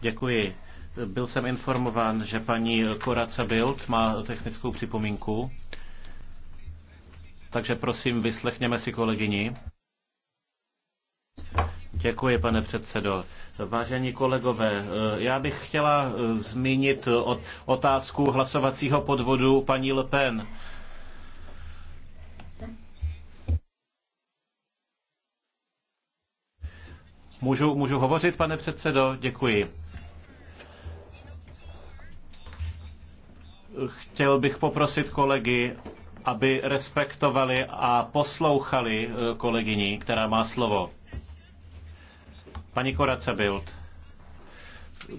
Děkuji. Byl jsem informován, že paní Koraca Bild má technickou připomínku. Takže prosím, vyslechněme si kolegyni. Děkuji, pane předsedo. Vážení kolegové, já bych chtěla zmínit otázku hlasovacího podvodu paní Le Pen Můžu, můžu hovořit, pane předsedo? Děkuji. Chtěl bych poprosit kolegy, aby respektovali a poslouchali eh, kolegyni, která má slovo. Paní Korace Bild.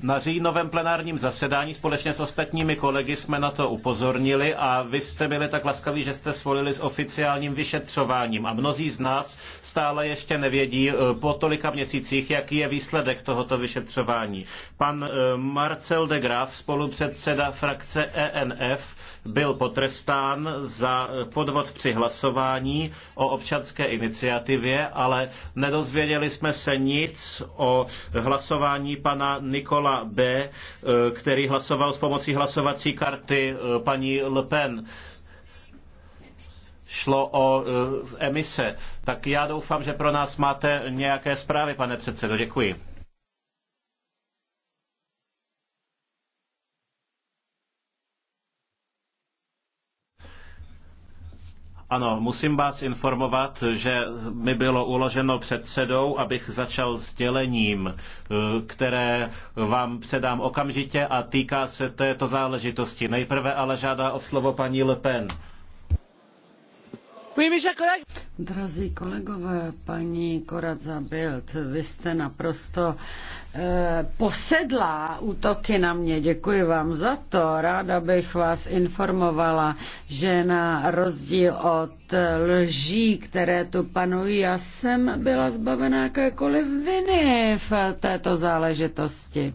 Na říjnovém plenárním zasedání společně s ostatními kolegy jsme na to upozornili a vy jste byli tak laskaví, že jste svolili s oficiálním vyšetřováním a mnozí z nás stále ještě nevědí eh, po tolika měsících, jaký je výsledek tohoto vyšetřování. Pan eh, Marcel de Graaf, spolupředseda frakce ENF, byl potrestán za eh, podvod při hlasování o občanské iniciativě, ale nedozvěděli jsme se nic o hlasování pana Nikola kola B, eh, který hlasoval s pomocí hlasovací karty eh, paní Le Pen šlo o eh, emise. Tak já doufám, že pro nás máte nějaké zprávy, pane předsedo. Děkuji. Ano, musím vás informovat, že mi bylo uloženo předsedou, abych začal sdělením, eh, které vám předám okamžitě a týká se této záležitosti. Nejprve ale žádá o slovo paní Le Pen. Drazí kolegové, paní Koradza Bild, vy jste naprosto eh, posedlá útoky na mě. Děkuji vám za to. Ráda bych vás informovala, že na rozdíl od lží, které tu panují, já jsem byla zbavená jakékoliv viny v této záležitosti.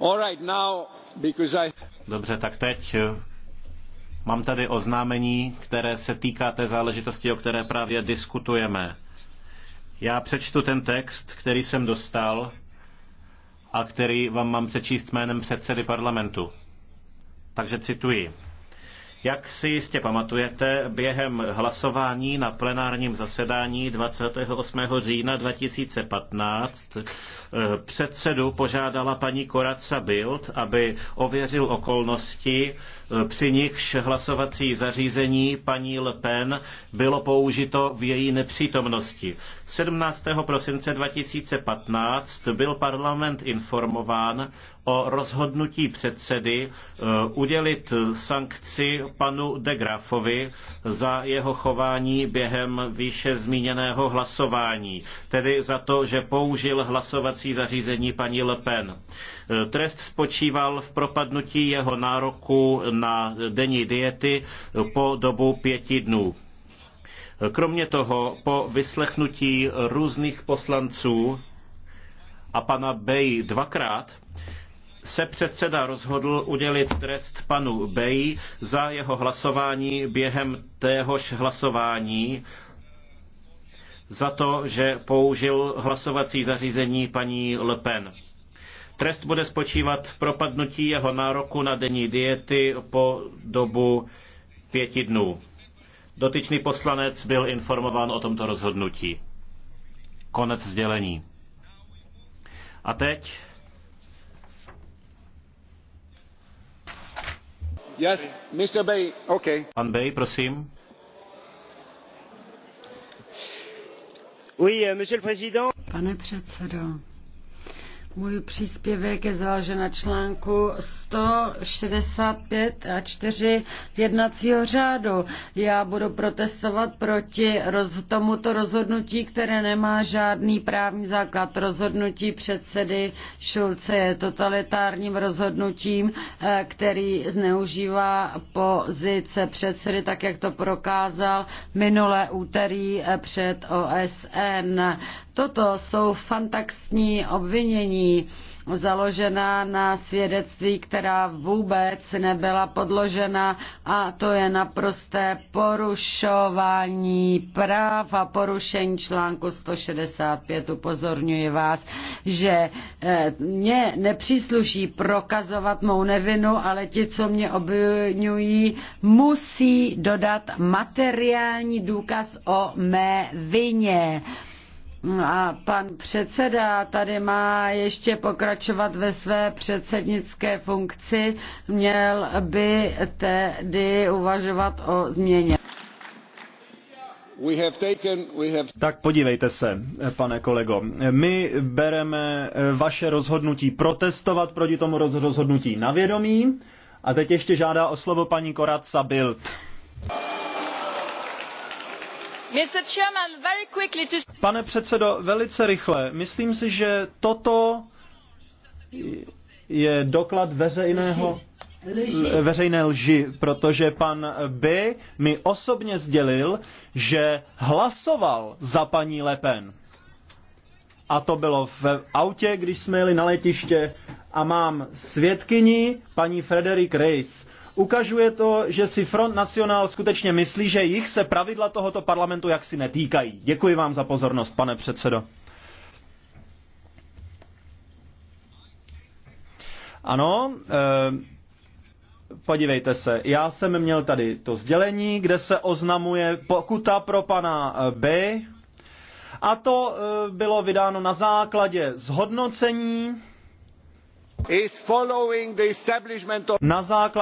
All right, now, because I... Dobře, tak teď, Mám tady oznámení, které se týká té záležitosti, o které právě diskutujeme. Já přečtu ten text, který jsem dostal a který vám mám přečíst jménem předsedy parlamentu. Takže cituji. Jak si jistě pamatujete, během hlasování na plenárním zasedání 28. října 2015 eh, předsedu požádala paní Koraca Bild, aby ověřil okolnosti, eh, při nichž hlasovací zařízení paní Le Pen bylo použito v její nepřítomnosti. 17. prosince 2015 byl parlament informován o rozhodnutí předsedy eh, udělit sankci panu de Grafovi za jeho chování během výše zmíněného hlasování, tedy za to, že použil hlasovací zařízení paní Le Pen. Trest spočíval v propadnutí jeho nároku na denní diety po dobu pěti dnů. Kromě toho, po vyslechnutí různých poslanců a pana Bey dvakrát, se předseda rozhodl udělit trest panu Bey za jeho hlasování během téhož hlasování za to, že použil hlasovací zařízení paní Le Pen. Trest bude spočívat v propadnutí jeho nároku na denní diety po dobu pěti dnů. Dotyčný poslanec byl informován o tomto rozhodnutí. Konec sdělení. A teď Bay, Pan Bay, prosím. Euh, Pane předsedo, můj příspěvek je založen na článku 165 a 4 jednacího řádu. Já budu protestovat proti roz, tomuto rozhodnutí, které nemá žádný právní základ. Rozhodnutí předsedy Šulce je totalitárním rozhodnutím, eh, který zneužívá pozice předsedy, tak jak to prokázal minulé úterý eh, před OSN. Toto jsou fantaxní obvinění založená na svědectví, která vůbec nebyla podložena a to je naprosté porušování práv a porušení článku 165. Upozorňuji vás, že eh, mě nepřísluší prokazovat mou nevinu, ale ti, co mě obvinují, musí dodat materiální důkaz o mé vině. No a pan předseda tady má ještě pokračovat ve své předsednické funkci, měl by tedy uvažovat o změně. Tak podívejte se, pane kolego. My bereme vaše rozhodnutí protestovat proti tomu rozhodnutí na vědomí. A teď ještě žádá o slovo paní Koratsa Bild. Pane předsedo, velice rychle. Myslím si, že toto je doklad veřejného, veřejné lži, protože pan B mi osobně sdělil, že hlasoval za paní Le A to bylo v autě, když jsme jeli na letiště a mám svědkyni paní Frederik Reis Ukazuje to, že si Front National skutečně myslí, že jich se pravidla tohoto parlamentu jaksi netýkají. Děkuji vám za pozornost, pane předsedo. Ano, eh, podívejte se, já jsem měl tady to sdělení, kde se oznamuje pokuta pro pana eh, B. A to eh, bylo vydáno na základě zhodnocení na základě